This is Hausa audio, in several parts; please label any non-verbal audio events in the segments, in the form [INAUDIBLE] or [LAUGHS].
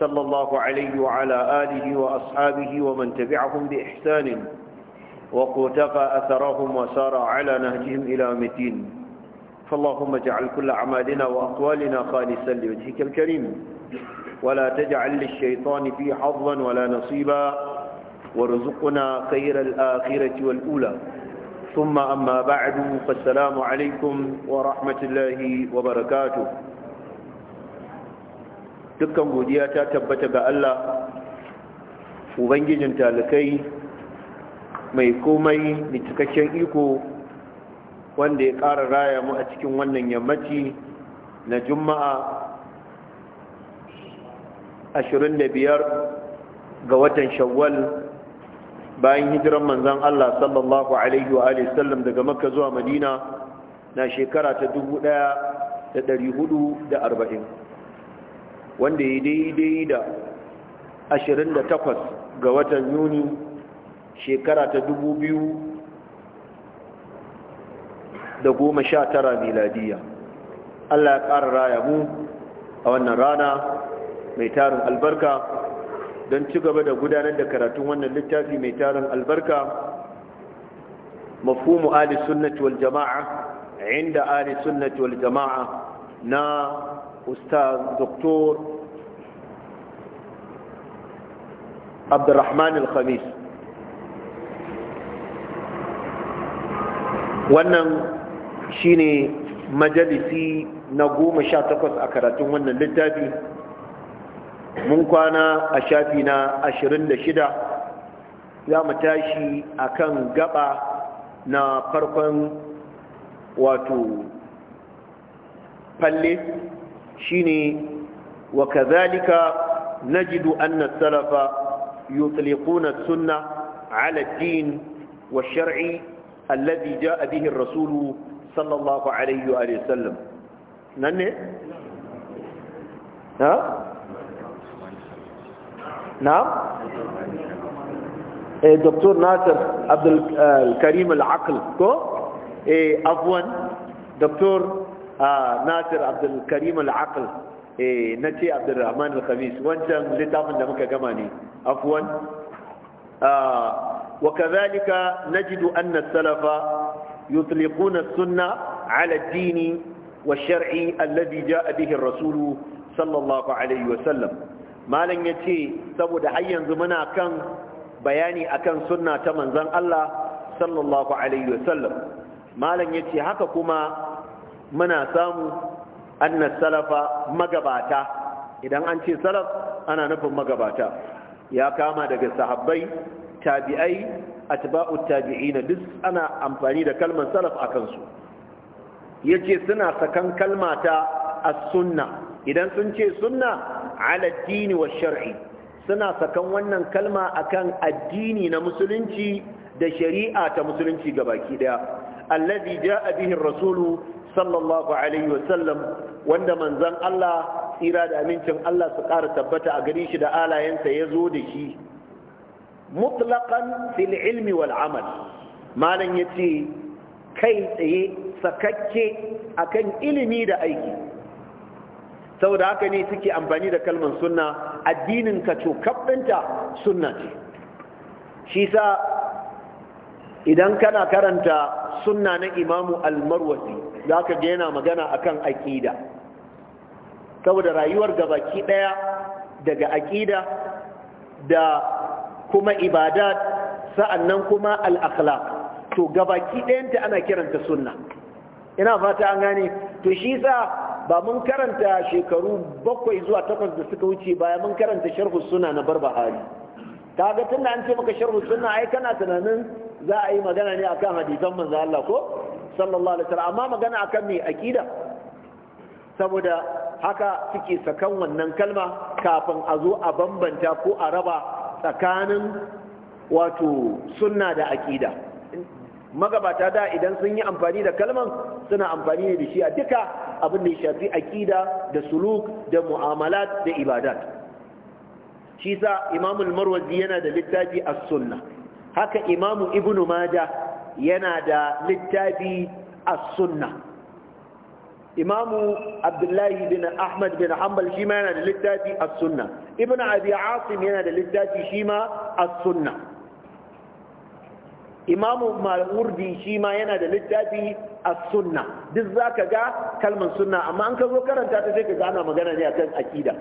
صلى الله عليه وعلى آله وأصحابه ومن تبعهم بإحسان وقتقى أثرهم وسار على نهجهم إلى متين فاللهم اجعل كل أعمالنا وأقوالنا خالصا لوجهك الكريم ولا تجعل للشيطان في حظا ولا نصيبا وارزقنا خير الآخرة والأولى ثم أما بعد فالسلام عليكم ورحمة الله وبركاته dukkan godiya ta tabbata ga Allah ubangijin talakai mai komai mai cikakken iko wanda ya ƙara raya mu a cikin wannan yammaci na juma'a 25 ga watan shawwal bayan hijiran manzan Allah sallallahu alaihi wa sallam daga makka zuwa madina na shekara ta 1440 wanda ya daidai da 28 ga watan yuni shekara ta 2019 miladiya Allah ya ƙara raya mu a wannan rana mai tarin albarka don ci gaba da gudanar da karatun wannan littafi mai tarin albarka mafhumu ali sunnati wal jama'a inda ali sunnati wal jama'a na استاذ doktor عبد الرحمن الخميس wannan shine majalisi na goma sha takwas a karatun wannan littafi mun kwana a shafi na ashirin da shida za mu tashi a kan gaba na farkon wato falle shine wa kazalika najidu anna salafa yutliquna sunna ala din wa shar'i alladhi jaa bihi sallallahu alayhi wa sallam nanne ha na'am eh doktor nasir abdul eh, karim al ko eh afwan doktor nasir abdulkarim al'aql na ce abdulrahman al-khamis wancan littafin da muka gama ne afuwan وكذلك نجد أن السلف يطلقون السنة على الدين والشرع الذي جاء به الرسول صلى الله عليه وسلم malam ya ce saboda har yanzu muna kan bayani akan sunna ta manzon Allah sallallahu alaihi wasallam malam ya ce haka kuma muna samu anna salafa magabata idan an ce salaf ana nufin magabata ya kama daga sahabbai tabi'ai atba'u tabi'ina duk ana amfani da kalmar salaf a kansu yace suna sakan kalma ta as-sunna idan sun ce sunna ala dini wa shar'i suna sakan wannan kalma akan addini na musulunci da shari'a ta musulunci gabaki daya alladhi ja'a bihi ar-rasulu sallallahu alaihi sallam, wanda manzon Allah tsira da amincin Allah su ƙara tabbata a gare shi da alayensa ya zo da shi mutlaqan fil ilmi wal amal malam yace kai tsaye sakakke akan ilimi da aiki saboda haka ne suke amfani da kalmar sunna addinin ka cokabbinta sunna ce shi sa idan kana karanta sunna na imamu almarwasi za ka ga yana magana akan aƙida saboda rayuwar gabaki ɗaya daga aƙida da kuma ibadat sa'annan kuma al'akla to gabaki ɗayanta ana kiranta sunna ina fata an gane to shi sa ba mun karanta shekaru bakwai zuwa takwas da suka wuce baya mun karanta sharhu suna na barbahari kaga tunda an ce maka sharhu suna ai kana tunanin za a yi magana ne akan hadisan manzo Allah ko sallallahu alaihi wasallam amma magana akan me akida saboda haka suke sakan wannan kalma kafin a zo a bambanta ko a raba tsakanin wato sunna da akida magabata da idan sun yi amfani da kalman suna amfani da shi a duka abin da ya shafi akida da suluk da mu'amalat da ibadat shi sa imamul marwazi yana da littafi as-sunnah haka imamu ibnu maja yana da littafi as sunnah imamu abdullahi bin ahmad bin hanbal shi ma yana da littafi as sunnah ibnu abi asim yana da littafi shi ma as sunnah imamu malurdi shi ma yana da littafi as-sunna duk zaka ga kalmar sunna amma an ka zo karanta ta sai ka ga magana ne akan akida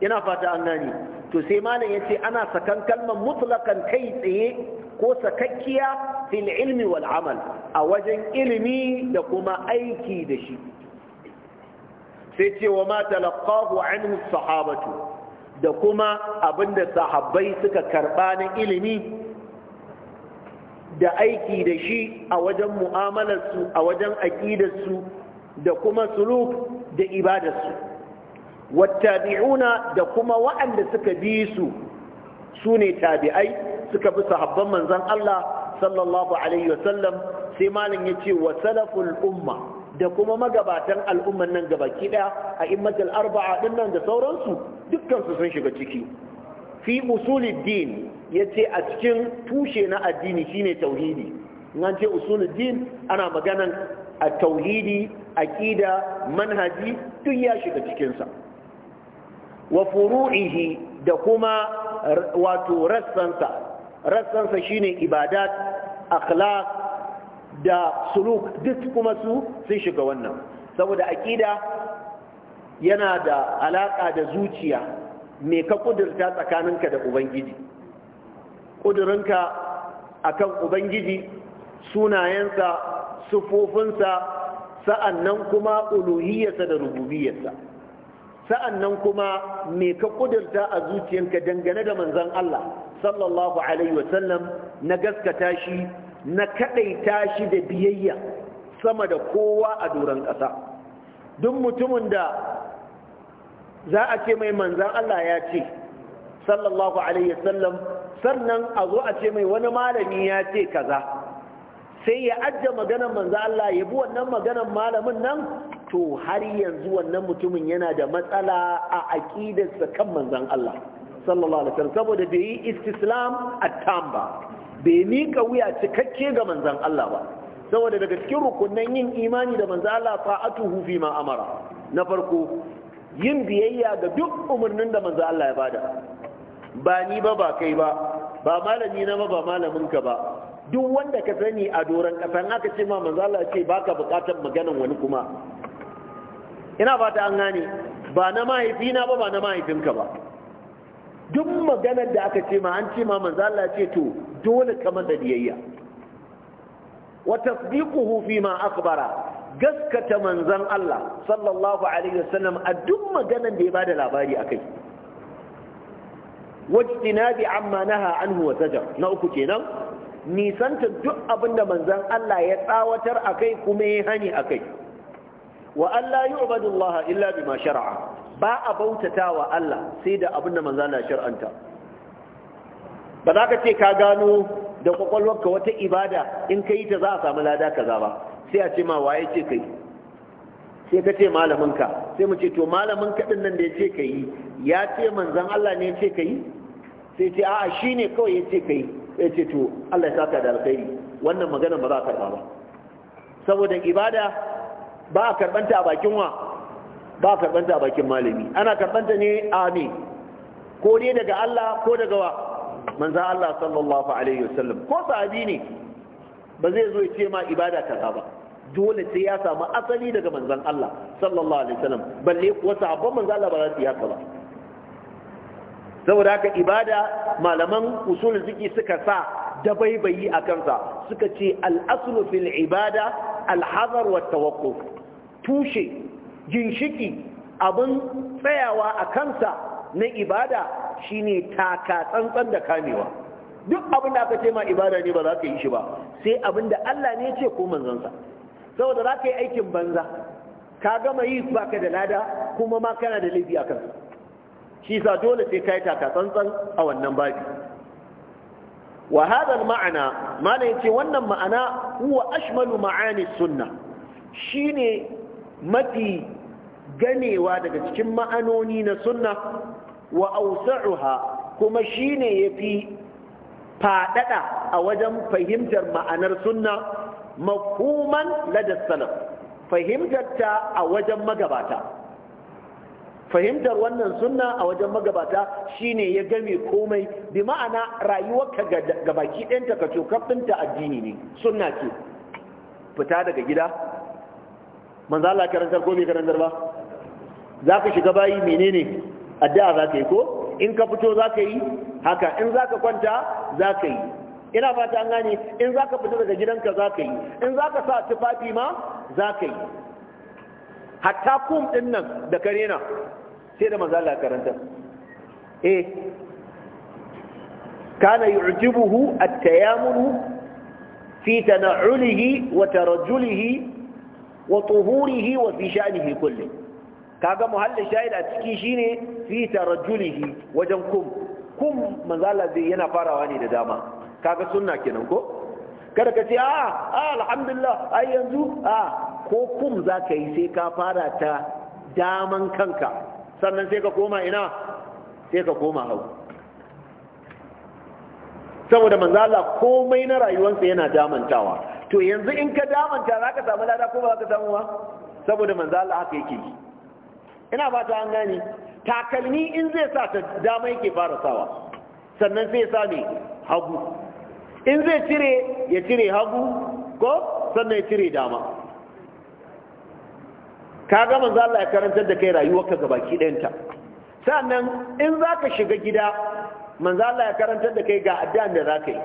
ina fata an gane to sai malam yace ana sakan kalmar mutlaqan kai tsaye ko sakakkiya fil ilmi wal amal a wajen ilimi da kuma aiki da shi sai ce wa ma talaqahu anhu sahabatu da kuma abinda sahabbai suka karba na ilimi da aiki da shi a wajen mu'amalarsu a wajen aƙidarsu da kuma suluk da ibadarsu wattabi'una da kuma waɗanda suka bi su su ne tabi'ai suka bi sahabban manzon Allah sallallahu alaihi wasallam sai malam yace wa salaful umma da kuma magabatan al'umman nan gaba kiɗa a immatul arba'a ɗinnan nan da sauransu dukkansu su sun shiga ciki fi usulid din yace a cikin tushe na addini shine tauhidi in ce usulid din ana maganan a tauhidi aƙida manhaji duk ya shiga cikinsa. sa wa furu'ihi da kuma wato rassansa rassansa shine ibadat akhlaq da suluk duk kuma su sun shiga wannan saboda aqida yana da alaka da zuciya me ka kudurta tsakaninka da ubangiji kudurinka akan ubangiji sunayensa sufofinsa sa'annan kuma uluhiyarsa da rububiyarsa sa'annan kuma me ka kudurta a zuciyarka dangane da manzan Allah sallallahu alaihi wasallam na gaskata shi na kadaita shi da biyayya sama da kowa a doron ƙasa duk mutumin da za a ce mai manzan Allah ya ce sallallahu alaihi wasallam sannan a zo a ce mai wani malami ya ce kaza sai ya ajiye maganar manzan Allah ya bi wannan maganar malamin nan to har yanzu wannan mutumin yana da matsala a aƙidarsa kan manzan Allah sallallahu alaihi wasallam saboda bai yi istislam a ba bai miƙa wuya cikakke ga manzan Allah ba saboda daga cikin rukunan yin imani da manzan Allah fa'atuhu fi ma amara na farko yin biyayya ga duk umarnin da manzan Allah ya bada ba ni ba ba kai ba ba malami na ba ba malamin ka ba duk wanda ka sani a doron ƙasa in aka ce ma manzo Allah ce baka bukatar maganan wani kuma ina fata an gane ba na mahaifina ba ba na mahaifinka ba duk maganar da aka ce ma an ce ma manzo ce to dole ka diyayya. diyayya wa tasdiquhu fi ma akhbara gaskata manzon Allah sallallahu alaihi wasallam a duk maganar da ya ba da labari akai wajtinabi amma naha anhu wa zajar na uku kenan nisanta duk abinda manzon Allah ya tsawatar akai kuma ya hani akai wa Allah yu'badu Allah illa ma shara'a ba a bautata wa Allah sai da abin da manzana na shar'anta ba za ka ce ka gano da kwakwalwarka wata ibada in ka yi ta za a samu lada kaza ba sai a ce ma waye ce kai sai ka ce malaminka sai mu ce to malaminka din nan da ya ce ka yi ya ce manzan Allah ne ya ce ka yi sai ce a'a shi ne kawai ya ce ka yi ya ce to Allah ya saka da alkhairi wannan magana ba za ka ba saboda ibada ba a karbanta a bakin wa ba a karbanta a bakin malami ana karbanta ne a ne ko ne daga Allah ko daga wa Manza Allah sallallahu alaihi wasallam ko sahabi ne ba zai zo ya ce ma ibada kaza ba dole sai ya samu asali daga manzan Allah sallallahu alaihi wasallam balle kuwa sahabban manzan Allah ba za su yi haka ba saboda haka ibada malaman usul ziki suka sa dabaibayi a kansa suka ce al'aslu fil ibada al-hazar wa tawakkuf tushe ginshiki abin tsayawa a kansa na ibada shine taka tsantsan da kamewa duk abin da aka ce ma ibada ne ba za ka yi shi ba sai abin da Allah ne ce ko manzansa saboda za ka yi aikin banza ka gama yi baka da lada kuma ma kana da laifi a kansa shi sa dole sai ka yi taka a wannan babi wa hadha ma'ana malai ce wannan ma'ana huwa ashmalu ma'ani sunna shine mafi ganewa daga cikin ma'anoni na sunna wa ausa'uha kuma shine yafi fadada a wajen fahimtar ma'anar sunna mafhuman lada salaf fahimtar a wajen magabata fahimtar wannan sunna a wajen magabata shine ya game komai bi ma'ana rayuwarka ga baki ɗinta ka cokaf addini ne sunna ce fita daga gida manzo Allah karantar ko bai karantar ba za ka shiga bayi menene addu'a za ka yi ko in ka fito za ka yi haka in za ka kwanta za ka yi ina fata an gane in za ka fito daga gidanka za ka yi in za ka sa tufafi ma za ka yi hatta kum din nan da kare na sai da manzo Allah karanta eh kana yu'jibuhu at-tayammunu fi tana'ulihi wa tarajjulihi wa tuhurihi wa fi sha'nihi kulli kaga muhallin shayid a ciki shine fi tarajjulihi wajen kum kum Manzala yana farawa ne da dama kaga sunna kenan ko kada ka ce ah a ah, alhamdulillah ai yanzu ah ko kum za yi sai ka fara ta daman kanka sannan sai ka koma ina sai ka koma hau saboda Manzala komai na rayuwarsa yana damantawa to yanzu in ka damanta za ka samu lada ko ba za ka samu ba saboda manzo Allah haka yake yi ina ba ta an gani. takalmi in zai sa ta dama yake fara sawa sannan sai sa ne hagu in zai cire ya cire hagu ko sannan ya cire dama ka ga manzo Allah ya karantar da kai rayuwarka gabaki ɗanta. sannan in za ka shiga gida manzo Allah ya karantar da kai ga addu'an da za ka yi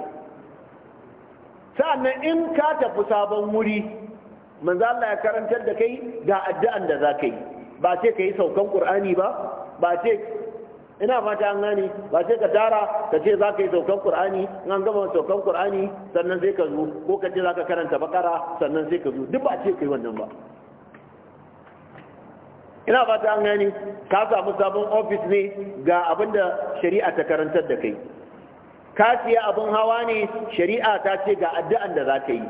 sa'annan in ka tafi sabon wuri manzo Allah ya karantar da kai ga addu'an da za yi ba ce ka yi saukan qur'ani ba ba ce ina fata an gane ba sai ka tara ka ce za ka yi saukan qur'ani in an gama saukan qur'ani sannan sai ka zo ko ka ce za ka karanta bakara sannan sai ka zo duk ba ce ka yi wannan ba ina fata an gane ka samu sabon ofis ne ga abinda shari'a ta karantar da kai kafiya abin hawa ne shari'a ta ce ga addu'an da za ka yi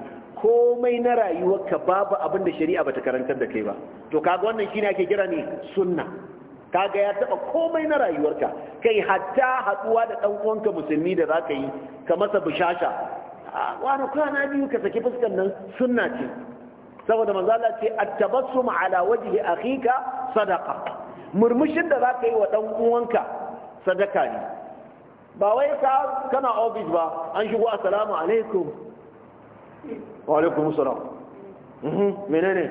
komai na rayuwarka babu abin da shari'a bata karantar da kai ba to kaga wannan shine ake kira ne sunna kaga ya taba komai na rayuwarka kai hatta haduwa da dan uwanka musulmi da za ka yi ka masa bishasha wani kwana biyu ka saki fuskan nan sunna ce saboda manzo Allah ce at-tabassum ala wajhi akhika sadaqa murmushin da za ka yi wa dan uwanka sadaka ne ba wai ka kana ofis ba an shigo assalamu alaikum wa alaikum salam mhm, menene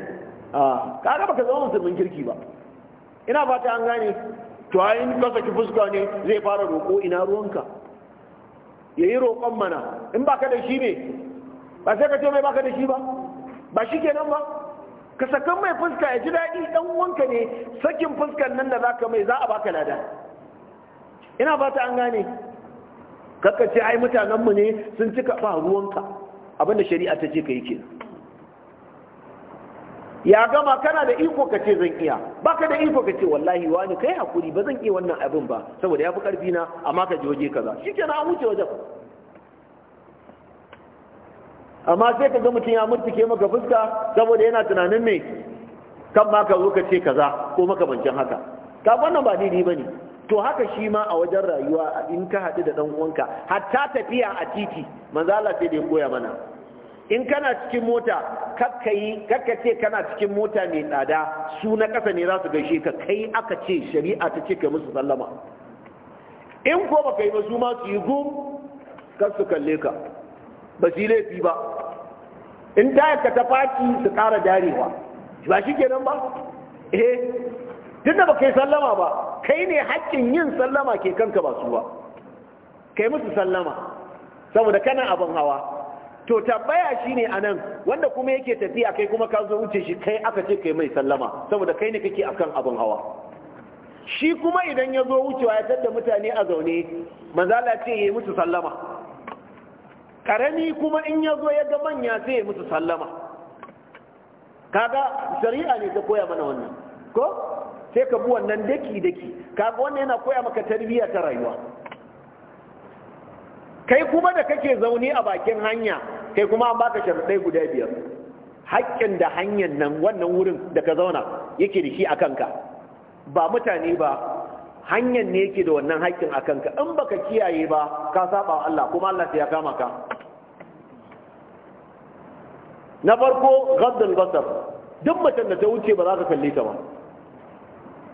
ah, ka ga baka zama musulmin kirki ba ina fata an gane to ayin ka ki fuska ne zai fara roƙo ina ruwanka yayi roƙon mana in baka da shi ne ba sai ka ce mai baka da shi ba ba shi nan ba ka sakan mai fuska ya ji daɗi ɗan wanka ne sakin fuskan nan da zaka mai za a baka lada ina fata an gane kakka ce ai mutanenmu ne sun cika ba ruwanka abinda shari'a ta ce ka yi kenan ya gama kana da iko ka ce zan iya baka da iko ka ce wallahi wani kai hakuri ba zan iya wannan abin ba saboda ya fi karfi na amma ka je waje kaza shikenan a wuce wajen amma sai ka ga mutum ya murtuke maka fuska saboda yana tunanin me kan ma ka zo ka ce kaza ko maka bancin haka ka wannan ba daidai bane to haka shi ma a wajen rayuwa in ka haɗu da ɗan'uwanka, hatta tafiya a titi manzala sai da ya koya mana in kana cikin mota kakka yi kakka ce kana cikin mota mai tsada su na ƙasa ne za su gaishe ka kai aka ce shari'a ta ce kai musu sallama in ko baka yi ba su ma su yi gum kan su kalle ka ba su laifi ba in ta tayarka ta faci su ƙara darewa ba shi kenan ba eh duk da ba kai sallama ba kai ne haƙƙin yin sallama ke kanka ba su ba kai musu sallama saboda kana abin hawa to tabbaya a anan wanda kuma yake tafiya kai kuma ka zo wuce shi kai aka ce kai mai sallama saboda kai ne kake akan abin hawa shi kuma idan ya zo wucewa ya tattar mutane a zaune manzala ce ya yi musu sallama Ƙarami kuma in ya zo ya ga manya sai ya yi musu sallama kaga shari'a ne ta koya mana wannan ko sai ka bi wannan daki daki kaga wannan yana koya maka tarbiyya ta rayuwa kai kuma da kake zaune a bakin hanya kai kuma an baka sharuɗai guda biyar haƙƙin da hanyar nan wannan wurin da ka zauna yake da shi a kanka ba mutane ba hanyar ne yake da wannan haƙƙin a kanka in baka kiyaye ba ka saba Allah kuma Allah ya kama ka na farko gaddal basar duk mutum da ta wuce ba za ka kalle ta ba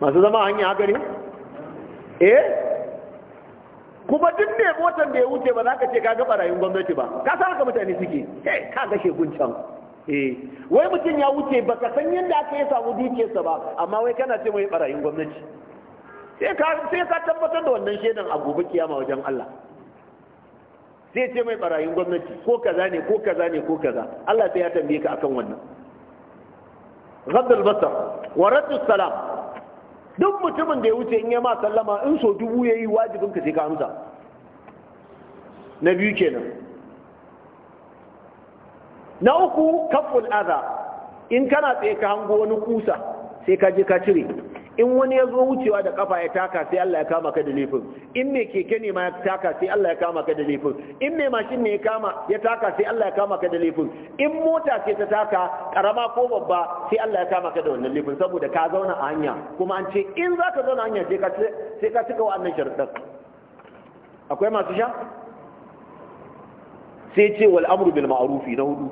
masu zama hanya haka ne eh kuma duk ne motar da ya wuce ba za ka ce ka ga barayin gwamnati ba ka san haka mutane suke eh ka ga guncan. can eh wai mutum ya wuce ba ka san yadda aka yi samu dukiyarsa ba amma wai kana ce mai barayin gwamnati sai ka sai ka tabbatar da wannan shaidan a gobe kiyama wajen Allah sai ce mai barayin gwamnati ko kaza ne ko kaza ne ko kaza Allah sai ya tambaye ka akan wannan ghaddal basar wa raddu salam duk mutumin da ya wuce in yi ma sallama in so dubu ya yi wajibin ka sai ka amsa na biyu kenan na uku kafin aza in kana tsaye ka hango wani kusa sai ka je ka cire in wani ya zo wucewa da kafa ya taka sai Allah ya kama ka da laifin in mai keke ne ma ya taka sai Allah ya kama ka da laifin in mai mashin ne ya kama ya taka sai Allah ya kama ka da laifin in mota ce ta taka karama ko babba sai Allah ya kama ka da wannan laifin saboda ka zauna a hanya kuma an ce in za ka zauna a hanya sai ka sai ka cika wa'annan sharuɗan akwai masu sha sai ce wal amru bil ma'rufi na hudu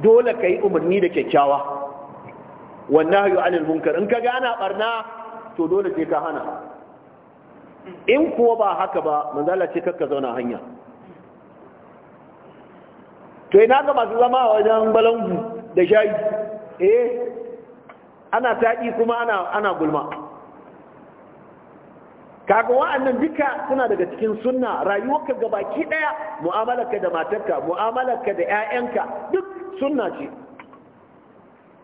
dole kai umarni da kyakkyawa wannan hayu anil munkar in ka gana barna to dole ce ka hana in kuwa ba haka ba manzala ce kakka zauna hanya to ina ga masu zama a wajen balangu da shayi eh ana taƙi kuma ana gulma. gulma kaga wa'annan duka suna daga cikin sunna rayuwarka ga baki daya mu'amalarka da matarka mu'amalarka da 'ya'yanka duk sunna ce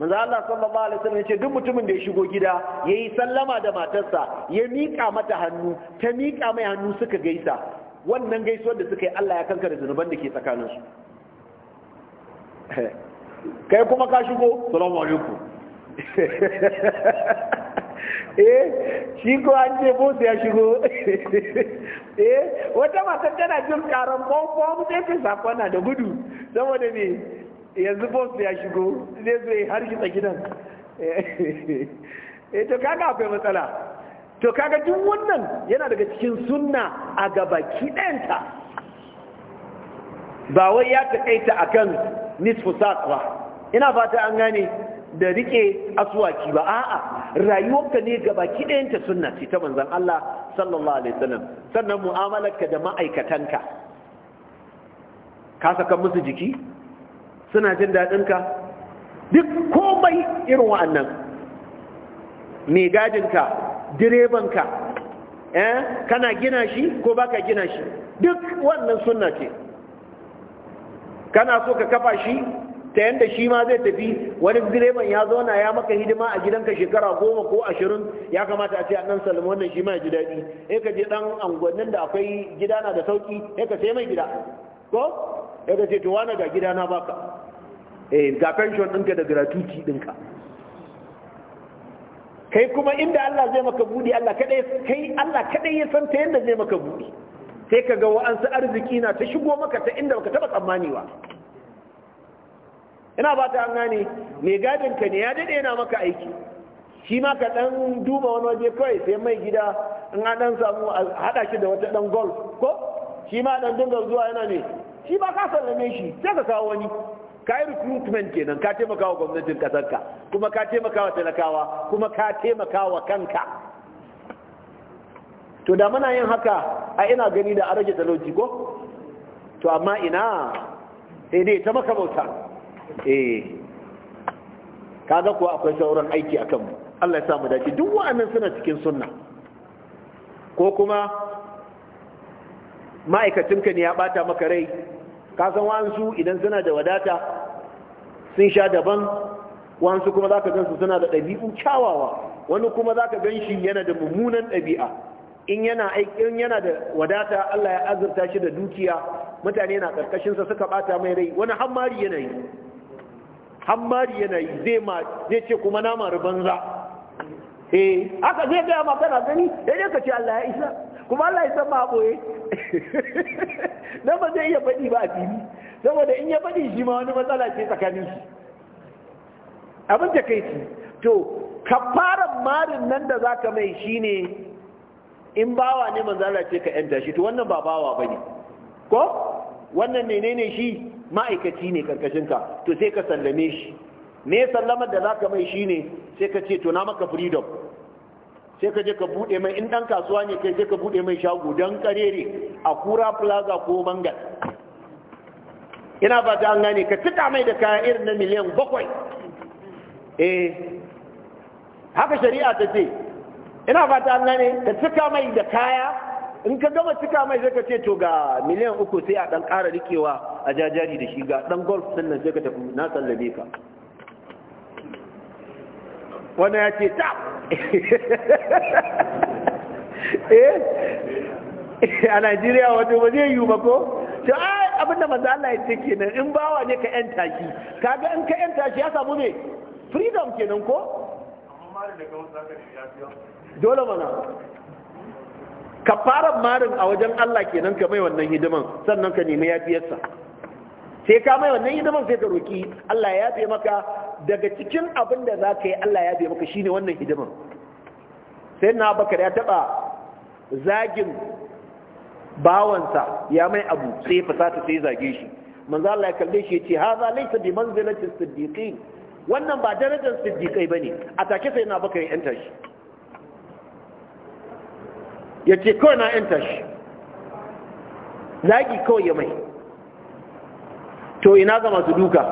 manzo Allah sallallahu alaihi wasallam yace duk mutumin da ya shigo gida yayi sallama da matarsa ya miƙa mata hannu ta miƙa mai hannu suka gaisa wannan gaisuwar da suka yi Allah ya kankare zunuban da ke tsakanin su [LAUGHS] kai kuma ka shigo salamu alaikum [LAUGHS] eh shi ko an ce bosu ya shigo [LAUGHS] eh wata matar tana jin karan bom bom sai ta sakwana da gudu saboda ne yanzu bos ya shigo zai zo ya hargitsa gidan eh to kaga akwai matsala to kaga duk wannan yana daga cikin sunna a gaba kidanta ba wai ya takaita akan nisfu saq ba ina fata an gane da rike asuwaki ba a'a rayuwarka ne gaba kidanta sunna ce ta manzon Allah sallallahu alaihi wasallam sannan mu'amalarka da ma'aikatanka ka saka musu jiki suna jin ka duk komai irin wa'annan mai direban direbanka eh kana gina shi ko baka gina shi duk wannan sunna ce kana so ka kafa shi ta yadda shi ma zai tafi wani direban ya zauna ya maka hidima a gidanka shekara goma ko ashirin ya kamata a ce a nan salama wannan shi ma ya ji daɗi ya ka je ɗan angwannin da akwai gida na da sauƙi ya ka sai mai gida ko ya ka ce to wani ga gida na baka eh ga pension ɗinka da gratuity ɗinka kai kuma inda Allah zai maka buɗi Allah kaɗai kai Allah kaɗai ya san ta yadda zai maka buɗi sai ka ga wa'ansu arziki na ta shigo maka ta inda baka taɓa tsammani ba ina ba ta gane mai gadin ka ne ya daɗe yana maka aiki shi ma ka ɗan duba wani waje kawai sai mai gida in an ɗan samu a haɗa shi da wata ɗan golf ko shi ma ɗan dinga zuwa yana ne shi ba ka sallame shi sai ka kawo wani ka yi recruitment kenan ka taimaka wa gwamnatin kasarka kuma ka taimaka wa talakawa kuma ka taimaka wa kanka to da muna yin haka a ina gani da arage rage talauci ko to amma ina sai dai ta maka bauta eh kaga kuwa akwai sauran aiki a kanmu Allah ya sa mu dace duk wa'annan suna cikin sunna ko kuma ma'aikacinka ne ya bata maka rai kasan wa'ansu idan suna da wadata sun sha daban wasu kuma zaka gansu suna da ɗabi'u kyawawa wani kuma zaka gan shi yana da mummunan ɗabi'a in yana aikin yana da wadata Allah ya azurta shi da dukiya mutane na karkashin sa suka bata mai rai wani hammari yana yi hammari yana yi zai ma zai ce kuma na mari banza eh aka zai ga ma kana gani sai ka ce Allah ya isa kuma Allah ya san ma boye [LAUGHS] na ba zai iya faɗi ba a fili saboda in ya faɗi shi ma wani matsala ce tsakanin su abin da kai ci to kafaran marin nan da za ka mai shi ne in bawa ne manzala ce ka yanta shi to wannan ba bawa ba ne ko wannan menene shi ma'aikaci ne karkashinka to sai ka sallame shi me sallamar da za ka mai shi ne sai ka ce to na maka freedom sai ka je ka bude mai in dan kasuwa ne kai sai ka bude mai shago don karere a kura plaza ko mangal ina ba ta an gane ka cika mai da kaya irin na miliyan bakwai eh haka shari'a ta ce ina ba ta an gane ka cika mai da kaya in ka gama cika mai zai ka ce to ga miliyan uku sai a dan ƙara rikewa a jajari da shi ga dan golf sannan sai ka tafi na tsallabe ka wani ya ce ta [LAUGHS] eh a najeriya wato ba zai yiwu ba ko to ai abinda manzo Allah ya ce kenan in bawa ne ka yanta shi kaga in ka yanta shi ya samu me freedom kenan ko dole mana ka fara marin a wajen Allah kenan ka mai wannan hidiman sannan ka nemi yafiyarsa sai ka mai wannan hidiman sai ka roki Allah ya yafe maka daga cikin abin da za ka yi Allah ya yafe maka shine wannan hidiman sai na bakar ya taba zagin bawansa ya mai abu sai ta sai zage shi manzo Allah ya kalle shi yace haza laysa bi manzilati siddiqin wannan ba darajar siddiqai bane a take sai na baka yanta shi yace kawai na yanta shi zagi kawai ya mai to ina ga masu duka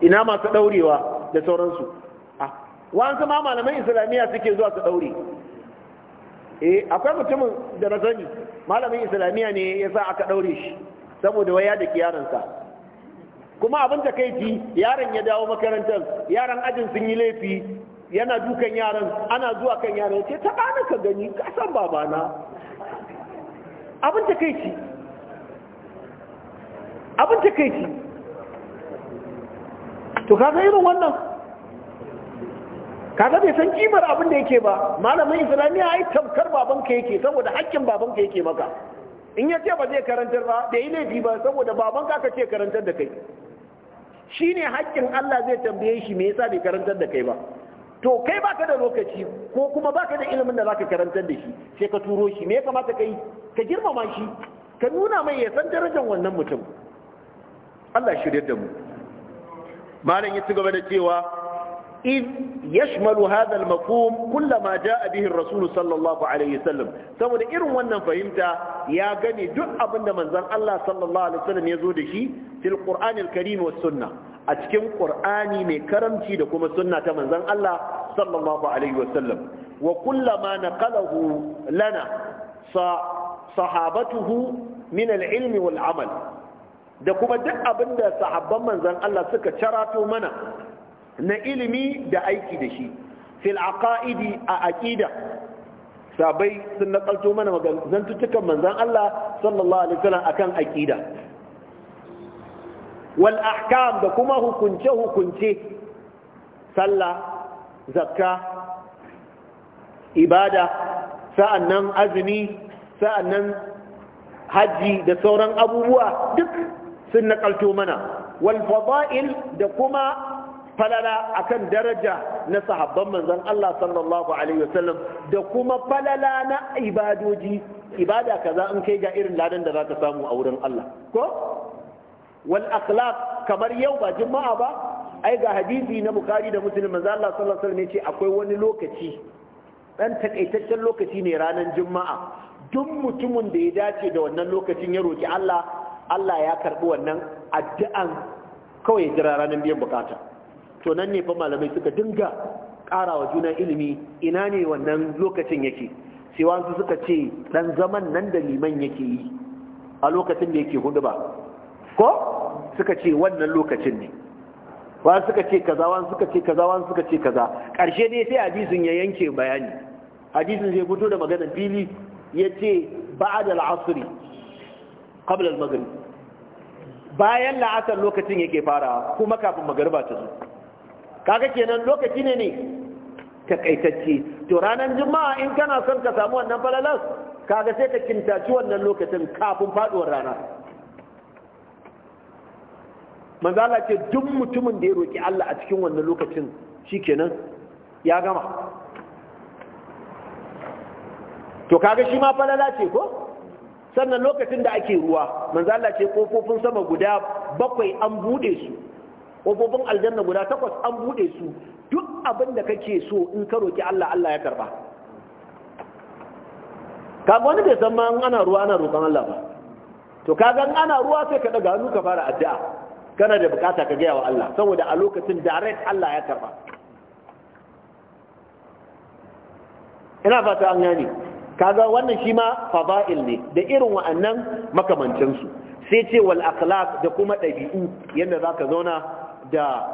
ina masu daurewa da sauransu ah an ma malaman islamiyya suke zuwa su daure eh akwai mutumin da na sani malamin islamiyya ne ya sa aka ɗaure shi saboda waya da yaransa kuma abin da kai yaron ya dawo makarantar yaran ajin sun yi laifi yana dukan yaran ana zuwa kan yaran ce ta bani ka gani kasan babana abin da kai ci abin da kai ci to kaga irin wannan kaga bai san kimar abin da yake ba malamin islamiyya ai tamkar babanka yake saboda hakkin babanka yake maka in ya ce ba zai karantar ba da yi laifi ba saboda babanka aka ce karantar da kai shine hakkin Allah zai tambaye shi me yasa bai karantar da kai ba to kai baka da lokaci ko kuma baka da ilimin da zaka karantar da shi sai ka turo shi me ya kamata kai ka girmama shi ka nuna mai ya san darajar wannan mutum Allah shirye da mu malam ya ci gaba da cewa إذ يشمل هذا المفهوم كل ما جاء به الرسول صلى الله عليه saboda irin wannan fahimta ya gane duk abinda da manzon Allah sallallahu alaihi wasallam ya zo da shi fil Qur'anil Karim was sunna a cikin Qur'ani mai karamci da kuma sunna ta manzon Allah sallallahu alaihi wasallam wa kullama naqalahu lana sahabatuhu min al-ilmi wal amal da kuma duk abinda da sahabban manzon Allah suka carato mana na ilimi da aiki da shi fil aqaidi a aqida sabai sun nakalto mana zantuttukan manzan Allah sallallahu alaihi wasallam akan aqida wal ahkam da kuma hukunce hukunce sallah zakka ibada sa'annan azumi sa'annan haji da sauran abubuwa duk sun nakalto mana wal fada'il da kuma falala akan daraja na sahabban manzon Allah sallallahu alaihi wasallam da kuma falala na ibadoji ibada kaza in kai ga irin ladan da zaka samu a wurin Allah ko wal akhlaq kamar yau ba juma'a ba ai ga hadisi na bukhari da muslim manzon Allah sallallahu alaihi wasallam ce akwai wani lokaci dan takaitaccen lokaci ne ranar juma'a duk mutumin da ya dace da wannan lokacin ya roki Allah Allah ya karbi wannan addu'an kawai jira ranar biyan bukata to nan ne fa malamai suka dinga ƙara wa juna ilimi ina ne wannan lokacin yake sai wasu suka ce dan zaman nan da liman yake yi a lokacin da yake hudu ba ko suka ce wannan lokacin ne wasu suka ce kaza wasu suka ce kaza wasu suka ce kaza ƙarshe ne sai hadisin ya yanke bayani hadisin zai fito da magana fili ya ce ba'ad al-asri qabla al-maghrib bayan la'asar lokacin yake fara kuma kafin magariba ta zo kaga kenan lokaci ne ne takaitacce to ranar juma'a in kana son ka samu wannan falalas kaga sai ka kintaci wannan lokacin kafin faduwar rana Manzala ce duk mutumin da ya roki Allah a cikin wannan lokacin shikenan ya gama to kaga shi ma falala ce ko sannan lokacin da ake ruwa manzala ce kofofin sama guda bakwai an bude su kofofin aljanna guda takwas an buɗe su duk abin da kake so in ka roki Allah Allah ya karba kaga wani bai san ma ana ruwa ana roƙon Allah ba to kaga ana ruwa sai ka daga hannu ka fara addu'a kana da bukata ka gaya wa Allah saboda a lokacin direct Allah ya karba ina fata an gane kaga wannan shi ma fada'il ne da irin wa'annan makamancinsu sai ce wal akhlaq da kuma ɗabi'u yadda zaka zauna da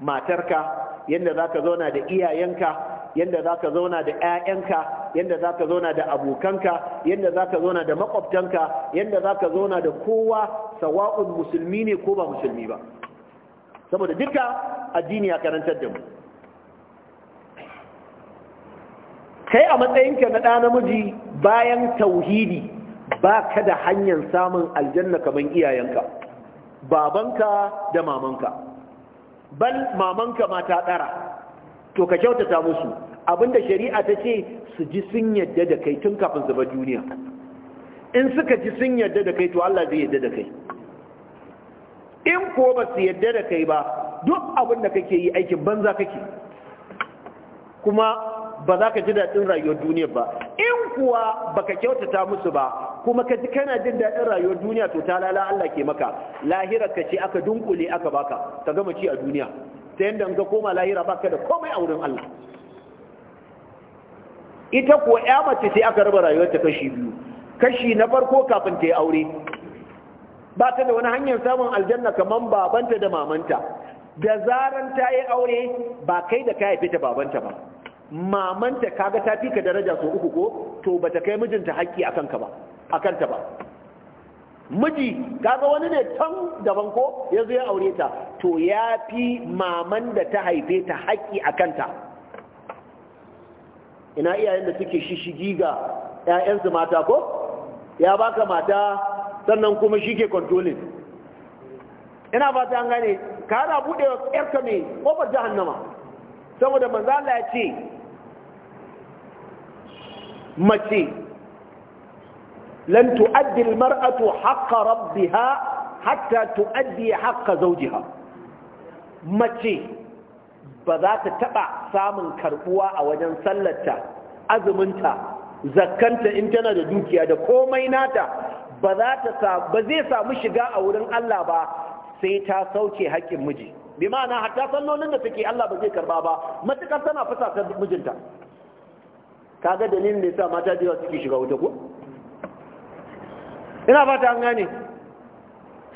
matarka yadda za ka zauna da iyayenka yadda za ka zauna da 'ya'yanka yadda za ka zauna da abokanka yadda za ka zauna da makwabtanka yadda za ka zauna da kowa sawa'un musulmi ne ko ba musulmi ba saboda duka addini ya karantar da mu kai a matsayinka na ɗa namiji bayan tauhidi ba ka da hanyar samun aljanna kamar iyayenka babanka da mamanka bal mamanka ma ta tsara to ka kyautata musu abinda shari'a ta ce su ji sun yadda da kai tun kafin su bar duniya in suka ji sun yadda da kai to Allah zai yadda da kai in ko ba su yadda da kai ba duk abin da kake yi aikin banza kake kuma ba za ka ji daɗin rayuwar duniya ba in kuwa ba ka kyautata musu ba kuma ka ji kana jin daɗin rayuwar duniya to ta lala Allah ke maka lahira ka ce aka dunkule aka baka ka gama ci a duniya ta yadda ka koma lahira baka da komai a wurin Allah ita ko ya mace sai aka raba rayuwarta kashi biyu kashi na farko kafin ta yi aure ba ta da wani hanyar samun aljanna kamar babanta da mamanta da zaran ta yi aure ba kai da ka haifi ta babanta ba mamanta kaga ta fi ka daraja sau uku ko to bata kai mijinta haƙƙi akan ka ba a kanta ba miji kaga wani ne can daban ko ya zo ya aure ta to ya fi maman da ta haife ta haƙƙi a kanta ina iyayen da suke shishigi ga 'ya'yansu mata ko ya baka mata sannan kuma shi ke controlling ina ba ta gane ka hana buɗewa 'yarka mai ƙofar jahannama saboda manzala ya ce mace lan tu'addi almar'atu rabbi ha, hatta tu'addi haqqa zawjiha mace ba za ta taba samun karɓuwa a wajen sallarta azuminta zakkanta in tana da dukiya da komai nata ba zai samu shiga a wurin Allah ba sai ta sauke haƙƙin miji bi ma'ana hatta sallonin da take Allah ba zai karba ba matukar tana fusata mijinta ga dalilin da yasa mata da yawa suke shiga wuta ko ina ba ta gane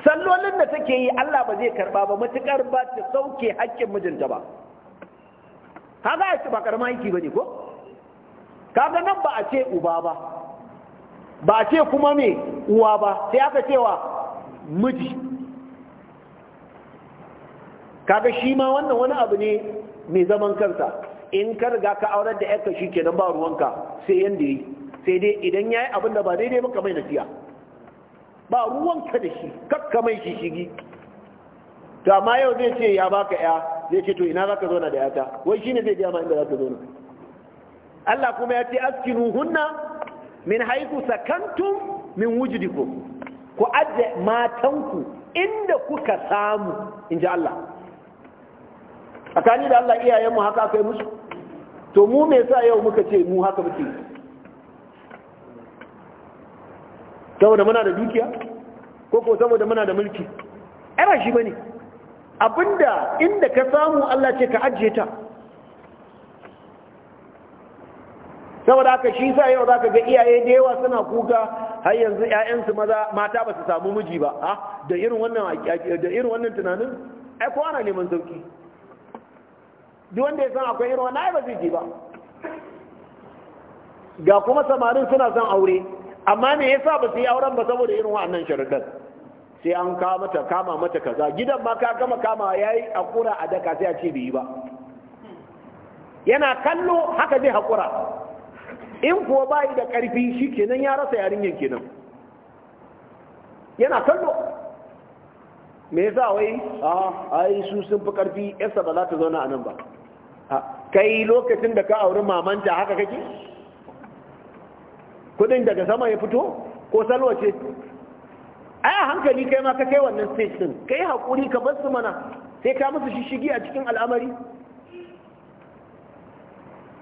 sallolin da take yi Allah ba zai karba ba matukar ba ta sauke haƙƙin mijinta ba Ka a ce ba karama aiki bane ko kaga nan ba a ce uba ba ba a ce kuma me uwa ba sai aka cewa miji kaga shi ma wannan wani abu ne mai zaman kansa in ka riga ka aurar da yarka shi kenan ba ruwanka sai yanda yi sai dai idan yayi abin da ba daidai ba ka mai nasiya ba ruwanka da shi kakka mai shi shigi to amma yau zai ce ya baka ya zai ce to ina zaka na da yata wai shine zai ga ma ka zo na? Allah kuma ya ce hunna min haiku sakantum min wujudikum ku ajiye matanku inda kuka samu ji Allah tsakani da Allah iyayenmu haka kai musu to mu me sa yau muka ce mu haka muke saboda muna da dukiya ko ko saboda muna da mulki ai ba shi bane abinda inda ka samu Allah ce ka ajiye ta saboda haka shi sa yau zaka ga iyaye da yawa suna kuka har yanzu ƴaƴansu maza mata ba su samu miji ba ha ah, da irin wannan da irin wannan tunanin ai ko ana neman sauki duk wanda ya san akwai irin wannan ai ba zai ji ba ga kuma samarin suna son aure amma me sa ba su yi auren ba saboda irin wa'annan sharuɗan sai an kama mata kaza gidan ma ka gama kama yayi hakura a daka sai a ce bai yi ba yana kallo haka zai hakura in kuwa yi da ƙarfi shi kenan ya rasa yarinyar kenan yana kallo me yasa wai a ah, ai su sun fi ƙarfi yarsa ba za ta zauna a nan ba ah, kai lokacin da ka auri mamanta haka kake kudin daga sama ya fito ko salwa ce ai hankali kai ma ka kai wannan stage din kai hakuri ka bar su mana sai ka musu shishigi a cikin al'amari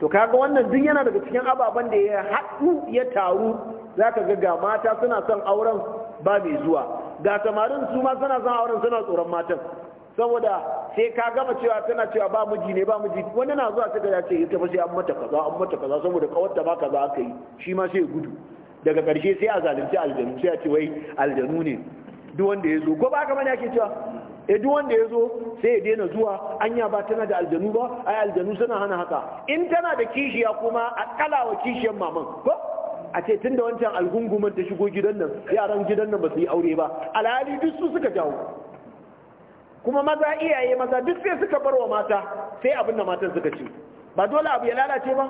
to kaga wannan duk yana daga cikin ababen da ya haɗu ya taru zaka ga ga mata suna son auren ba mai zuwa ga samarin su ma suna son auren suna tsoron matan saboda sai ka gama cewa tana cewa ba miji ne ba miji wani na zuwa sai ya ce ita ba sai an mata kaza an mata kaza saboda kawarta ma kaza aka yi shi ma sai gudu daga karshe sai a zalunci aljanu sai a ce wai aljanu ne duk wanda ya zo ko ba haka mani ake cewa e duk wanda ya zo sai ya daina zuwa anya ba tana da aljanu ba ai aljanu suna hana haka in tana da kishiya kuma a kalawa kishiyan maman ko a ce tun da wancan algunguman ta shigo gidan nan yaran gidan nan ba su yi aure ba alhali duk su suka jawo kuma maza iyaye maza duk sai suka bar wa mata sai abin da matan suka ci ba dole abu ya lalace ba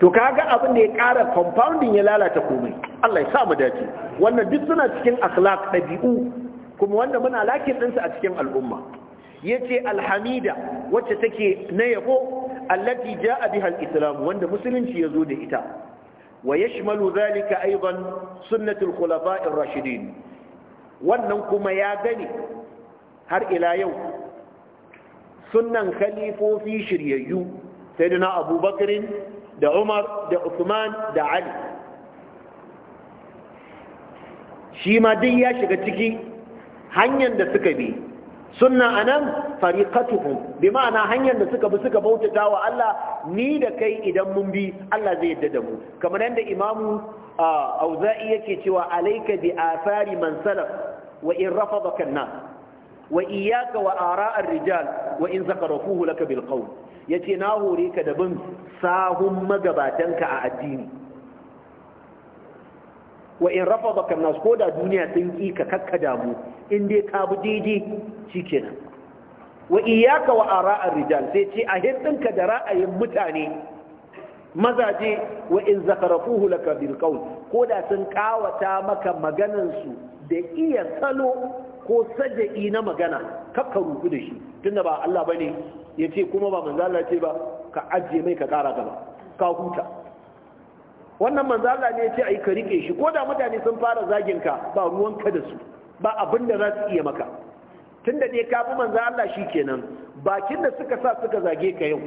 to kaga abin da ya kara compounding ya lalata komai Allah ya sa mu dace wannan duk suna cikin akhlaq dabi'u kuma wanda muna lakin ɗinsa a cikin al'umma yace alhamida wacce take na yabo allati jaa biha al-islam wanda musulunci yazo da ita wa yashmalu dhalika aidan sunnatul khulafa'ir rashidin wannan kuma ya gani har ila yau sunan khalifofi shiryayyu sai da na da umar da usman da ali shi ma duk ya shiga ciki hanyar da suka bi sunna anan fariqatuhum bi ma'ana hanyar da suka bi suka bautata wa Allah ni da kai idan mun bi Allah zai yadda da mu kamar yadda imamu auza'i yake cewa alaika bi asari man salaf wa in rafadaka an wa iyyaka wa ara'a ar-rijal wa in zakarafuhu laka bil qawl yace na hore ka da bin sahun magabatanka a addini wa in baka nasu ko da duniya sun ƙi ka kakka damu in dai ka bi daidai shikenan wa iyyaka wa ara'ar rijal sai ce a hirɗinka da ra'ayin mutane mazaje wa in zakarafuhu laka bil qawl ko da sun kawata maka maganan su da iya salo ko saja'i na magana kakka ruku da shi tunda ba Allah bane yace kuma ba manzo Allah ce ba ka ajiye mai ka kara gaba ka huta wannan manzala ne ya ce yi ka rike shi ko da mutane sun fara zagin ka ba ruwanka da su ba abin da za su iya maka tunda da ka kafin manzala Allah kenan bakin da suka sa suka zage ka yau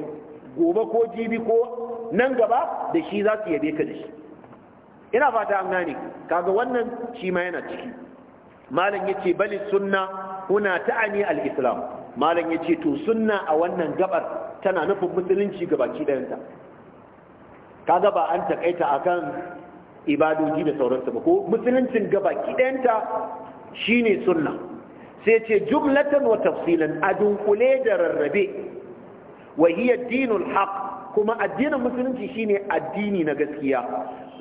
gobe ko jibi ko nan gaba da shi za su yabe ka da shi ina fata an gane kaga wannan shi ma yana ciki malam ya ce bali sunna kuna ta'ani al-islam malam ya ce to sunna a wannan gabar tana nufin musulunci ga baki ɗayanta kaga ba an takaita akan ibadoji da sauransu ba ko musuluncin gaba kidanta shine sunna sai ce jumlatan wa tafsilan adunkule da rarrabe wa hiya dinul haqq kuma addinin musulunci shine addini na gaskiya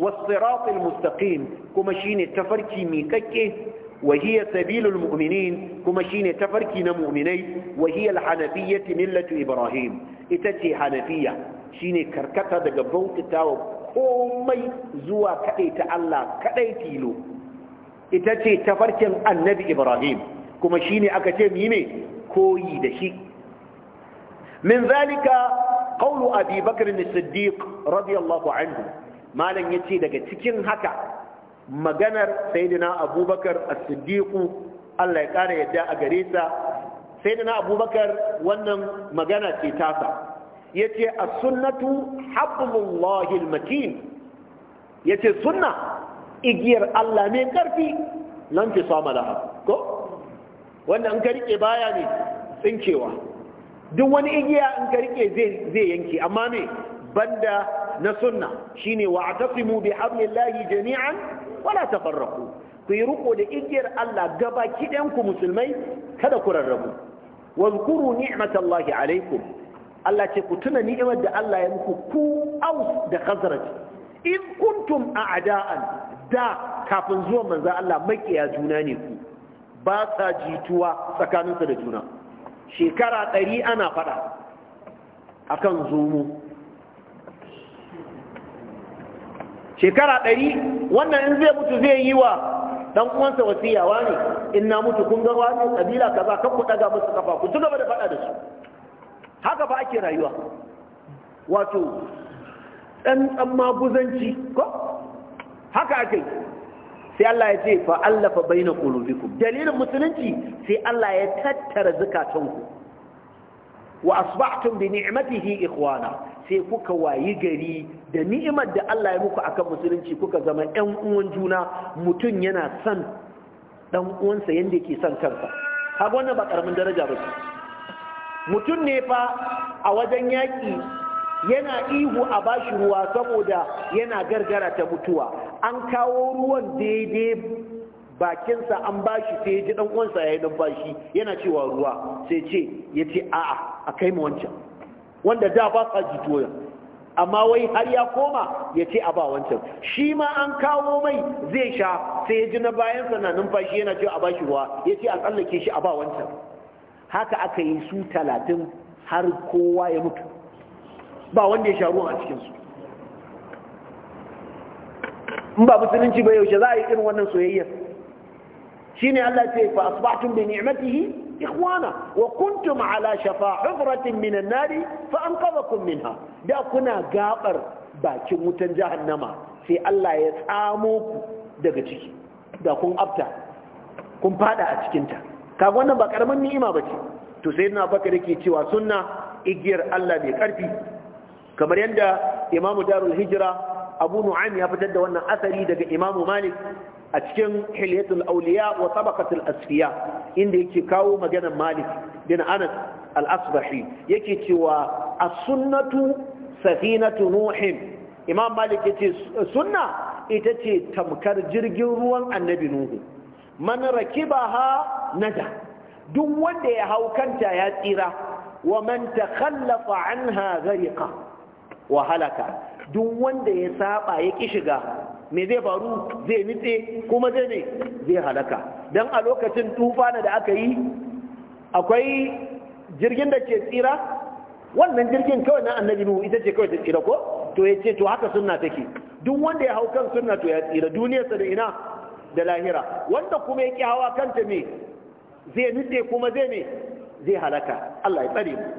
was siratul mustaqim kuma shine tafarki miƙaƙƙe wa hiya sabilul mu'minin kuma shine tafarki na mu'minai wa hiya al-hanafiyyah millatu ibrahim ita ce hanafiya shine karkata daga bautata wa komai zuwa kaɗai ta Allah kaɗai tilo ita ce tafarkin annabi Ibrahim kuma shine aka ce mi koyi da shi min zalika qawlu abi bakr as-siddiq radiyallahu anhu ya yace daga cikin haka maganar sayyidina abubakar a siddiq Allah ya ƙara yadda a gare sa sayyidina abubakar wannan magana ce tasa yace a sunnatu hablullahi al ya yace sunna igiyar Allah mai ƙarfi lan fi sama laha ko wanda ka baya ne tsinkewa duk wani igiya in ka zai yanke amma ne banda na sunna shine wa atasimu bi hablillahi jami'an wala tafarraku ku yi riko da igiyar Allah gaba kiɗanku ku musulmai kada ku rarrabu wa zkuru ni'matallahi alaikum Allah ce ku tuna ni'imar da Allah ya muku ku aus da khazraj in kuntum a'da'an da kafin zuwa manzo Allah makiya juna ne ku ba sa jituwa tsakaninsu da juna shekara ɗari ana fada akan zomo shekara ɗari wannan in zai mutu zai yi wa dan uwansa wasiyawa ne in na mutu kun ga wani kabila kaza kan ku daga musu kafa ku tuna gaba da faɗa da su haka ba ake rayuwa wato ɗan guzanci ko haka ake sai Allah ya ce fa allafa baina qulubikum dalilin musulunci sai Allah ya tattara zakatanku wa asbahtum bi ni'matihi ikhwana sai kuka wayi gari da ni'imar da Allah ya muku akan musulunci kuka zama ɗan uwan juna mutum yana son ɗan uwansa yanda yake son kansa Haka wannan ba karamin daraja ba ce mutum ne fa a wajen yaƙi yana ihu a bashi ruwa saboda yana gargara ta mutuwa an kawo ruwan daidai bakinsa an bashi sai ji dan uwansa ya yi numfashi yana cewa ruwa sai ce ya ce a'a a kai mu wancan wanda da ba sa toya. amma wai har ya koma ya ce a ba wancan shi ma an kawo mai zai sha sai ya ji na bayansa na numfashi yana cewa a bashi ruwa ya ce a tsallake shi a ba wancan haka aka yi su talatin har kowa ya mutu ba wanda ya sharuwa a cikinsu in ba musulunci ba yaushe za a yi irin wannan soyayyar shi ne Allah ce fa asbatun bi ni'matihi ikhwana wa kuntum ala shafa hufratin minan nari fa anqadhakum minha da kuna gabar bakin wutan jahannama sai Allah ya tsamo ku daga ciki da kun abta kun fada a cikinta kaga wannan ba karamin ni'ima ba to sai na baka yake cewa sunna igiyar Allah mai karfi kamar yadda imamu darul hijira abu nu'am ya fitar da wannan asari daga imamu malik a cikin hilyatul auliya wa tabaqatul asfiya inda yake kawo maganar malik bin anas al-asbahi yake cewa as-sunnatu safinatu nuhin imam malik yace sunna ita ce tamkar jirgin ruwan annabi nuhu man rakibaha naja duk wanda ya hau kanta ya tsira wa man takhallafa anha gharqa wa halaka duk wanda ya saba ya ki shiga me zai faru zai nitse kuma zai ne zai halaka dan a lokacin tufana da aka yi akwai jirgin da ke tsira wannan jirgin kawai na annabi nuhu ita ce kawai ta tsira ko to ya ce to haka sunna take duk wanda ya hau kan sunna to ya tsira duniyarsa da ina da lahira wanda kuma ya hawa kanta me zai nude kuma zai halaka Allah ya tsare mu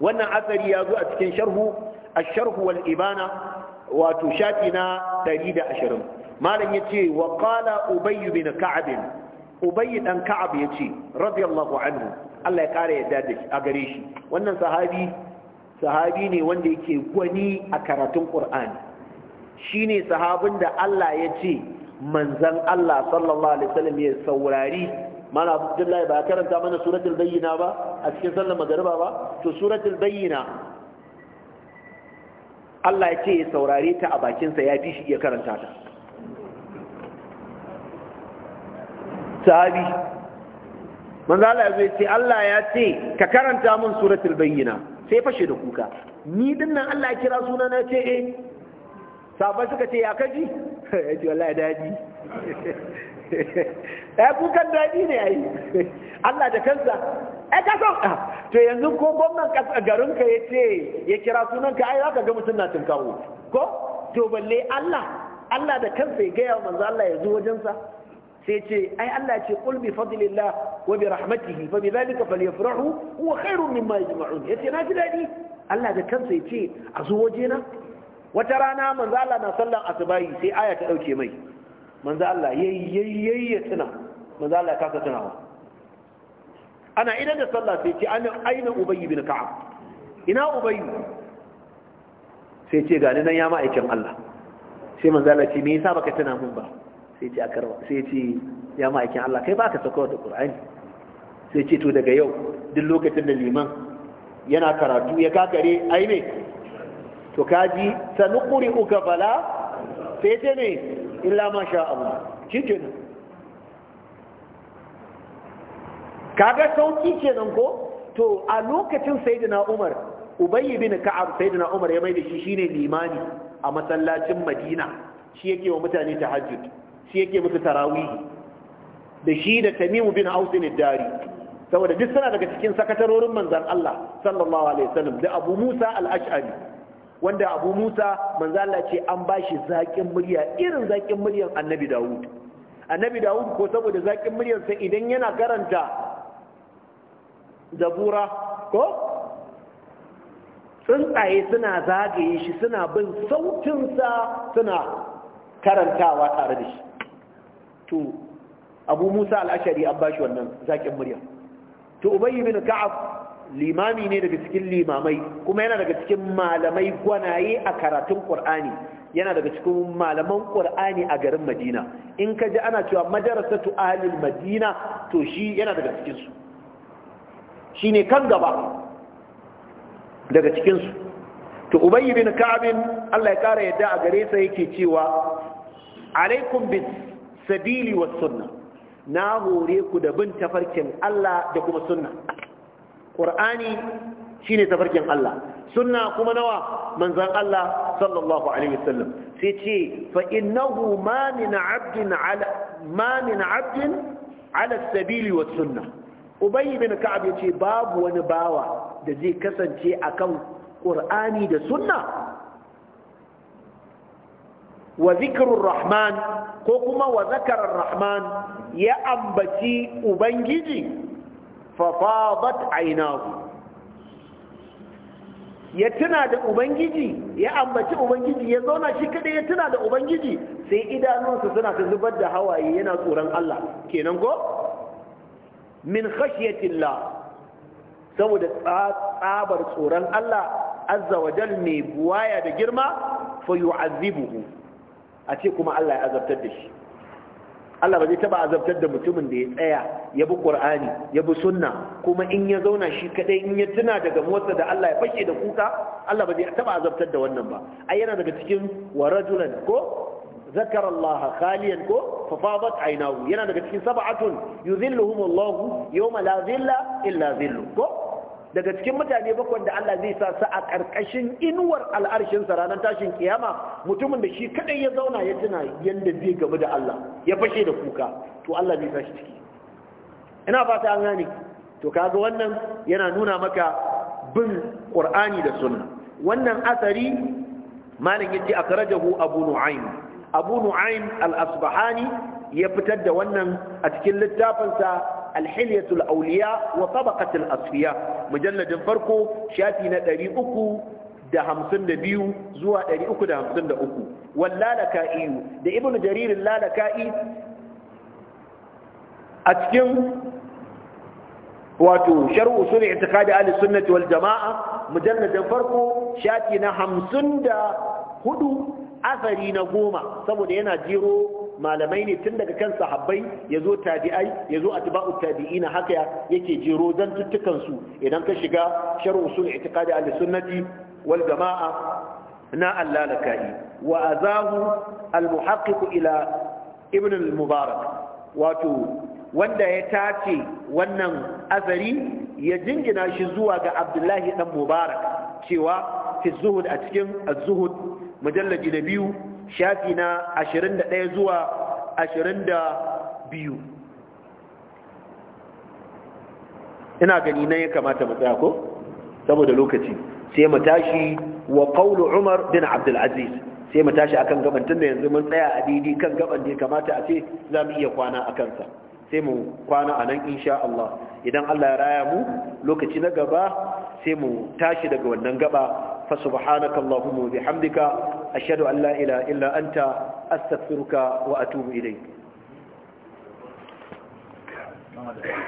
wannan asari ya zo a cikin sharhu asharhu wal ibana wato shafi na da ashirin. malam yace wa qala ubay bin ka'ab ubay dan ka'ab yace radiyallahu anhu Allah ya kare yadda da a gare shi wannan sahabi sahabi ne wanda yake gwani a karatun qur'ani shine sahabin da Allah ya ce manzan Allah sallallahu alaihi wasallam ya saurari mana Abdullahi ba karanta mana suratul bayyina ba a cikin sallar magariba ba to suratul bayyina Allah ya ce ya saurare ta a bakinsa ya fi shi ya karanta ta sahabi manzo Allah ya ce Allah ya ce ka karanta min suratul bayyina sai fashe da kuka ni dinnan Allah ya kira sunana ce eh sahabbai suka ce ya kaji [LAUGHS] ya ce wallahi daji ya [LAUGHS] eh, kukan daji ne yi [LAUGHS] Allah da kansa ya eh, ka san to yanzu ko gwamnan garin ka ya ce ya kira sunan ka ai zaka ga mutum na tunkawo ko to balle Allah Allah da kansa ya gaya manzo Allah ya zo wajensa sai ce ai Allah ce qul bi fadlillah wa bi rahmatihi fa bi dhalika falyafrahu huwa khairun mimma yajma'un yace na ji dadi Allah da kansa ya ce a zo waje na wata rana manzo Allah na sallan asubahi sai aya ta dauke mai manzo Allah yayi ya tuna manzo Allah ya kasa tunawa ana idan da sallah sai ce ana aina ubay bin ka'ab ina ubay sai ce gani nan ya ma'aikin Allah sai manzo Allah ce me yasa baka tuna mun ba sai ce akarwa sai ce ya ma'aikin Allah kai baka sako da Qur'ani sai ce to daga yau duk lokacin da liman yana karatu ya kakare ai to kaji sanukuri uka bala sai ta ne illa ma sha cikin kaga sauki kenan ko to a lokacin sayyidina Umar Ubayy bin Ka'ab sayyidina Umar ya maida shi shine limani a masallacin Madina shi yake wa mutane tahajjud shi yake musu tarawih da shi da Tamim bin Aus dari saboda duk suna daga cikin sakatarorin manzan Allah sallallahu alaihi wasallam da Abu Musa al-Ash'ari wanda abu musa manzo ce an bashi zaƙin murya irin zaƙin muryan annabi dawud annabi dawud ko saboda zaƙin muryarsa idan yana karanta zabura ko tsuntsaye suna zagaye shi suna bin sautinsa suna karantawa tare da shi to abu musa al'ashari an bashi wannan zaƙin murya to ubayy bin ka'ab limami ne daga cikin limamai kuma yana daga cikin malamai gwanaye a karatun ƙur'ani, yana daga cikin malaman ƙur'ani a garin madina in ka ji ana cewa tu ahalil madina to shi yana daga cikinsu. Shi ne kan gaba daga cikinsu. to ubayi bin ka'abin Allah ya ƙara yadda a gare sa yake cewa alaikum bis sabili was sunna na hore ku da bin tafarkin Allah da kuma sunna qur'ani shine tafarkin Allah sunna kuma nawa manzon Allah sallallahu alaihi wasallam sai ce fa innahu ma min 'abdin 'ala wa suna, 'abdin 'ala as-sabili yace babu wani bawa da zai kasance akan qur'ani da sunna wa zikirin rahman ko kuma wa zakarar rahman ya ambaci ubangiji fafabat ainahu ya tuna da ubangiji ya ambaci ubangiji ya zauna shi kaɗai ya tuna da ubangiji sai idanunsa suna ta zubar da hawaye yana tsoron Allah kenan ko min khashyatillah saboda tsabar tsoron Allah azza wa jal mai buwaya da girma fa yu'azzibuhu a ce kuma Allah ya azabtar da shi Allah ba zai taba azabtar da mutumin da ya tsaya ya bi Qur'ani ya bi sunna kuma in ya zauna shi kadai in ya tuna daga motsa da Allah ya fashe da kuka Allah ba zai taba azabtar da wannan ba ai yana daga cikin warajulan rajulan ko zakara Allah khaliyan ko fa aynahu yana daga cikin sab'atun yuzilluhum Allah yawma la zilla illa zillu ko daga cikin mutane bakwai da Allah zai sa su a ƙarƙashin inuwar al'arshin sa ranar tashin kiyama mutumin da shi kadai ya zauna ya tuna yadda zai gamu da Allah ya fashe da kuka to Allah zai sa shi ciki ina fata an gane to kaga wannan yana nuna maka bin Qur'ani da Sunna wannan asari malam yace akrajahu Abu Nu'aym Abu Nu'aym al-Asbahani ya fitar da wannan a cikin littafinsa alhiliyatul auliya wa tabaqatul asfiya mujalladin farko shafi na 352 zuwa 353 wallalaka'i da ibnu jarir lalaka'i a cikin wato sharh usul i'tiqadi ahli sunnati wal jamaa mujalladin farko shafi na 54 asari na goma saboda yana jiro malamai ne tun daga kan sahabbai ya zo tabi'ai ya zo atiba'u tabi'i na haka yake jero don tuttukansu idan ka shiga sharu usul itiqadi al-sunnati wal jama'a na allalakai wa azahu al-muhaqqiq ila ibn al-mubarak wato wanda ya tace wannan azari ya jingina shi zuwa ga abdullahi dan mubarak cewa fi zuhud a cikin az-zuhud mujalladi na biyu shafi na 21 zuwa 22 ina gani nan ya kamata mu ko saboda lokaci sai mu tashi wa qawlu Umar bin Abdul Aziz sai mu tashi akan gaban tun da yanzu mun tsaya a didi kan gaban da ya kamata a ce za mu iya kwana a kansa, sai mu kwana a nan insha Allah idan Allah ya raya mu lokaci na gaba sai mu tashi daga wannan gaba fa subhanaka allahumma wa bihamdika ashhadu an la ilaha illa anta astaghfiruka wa atubu ilayk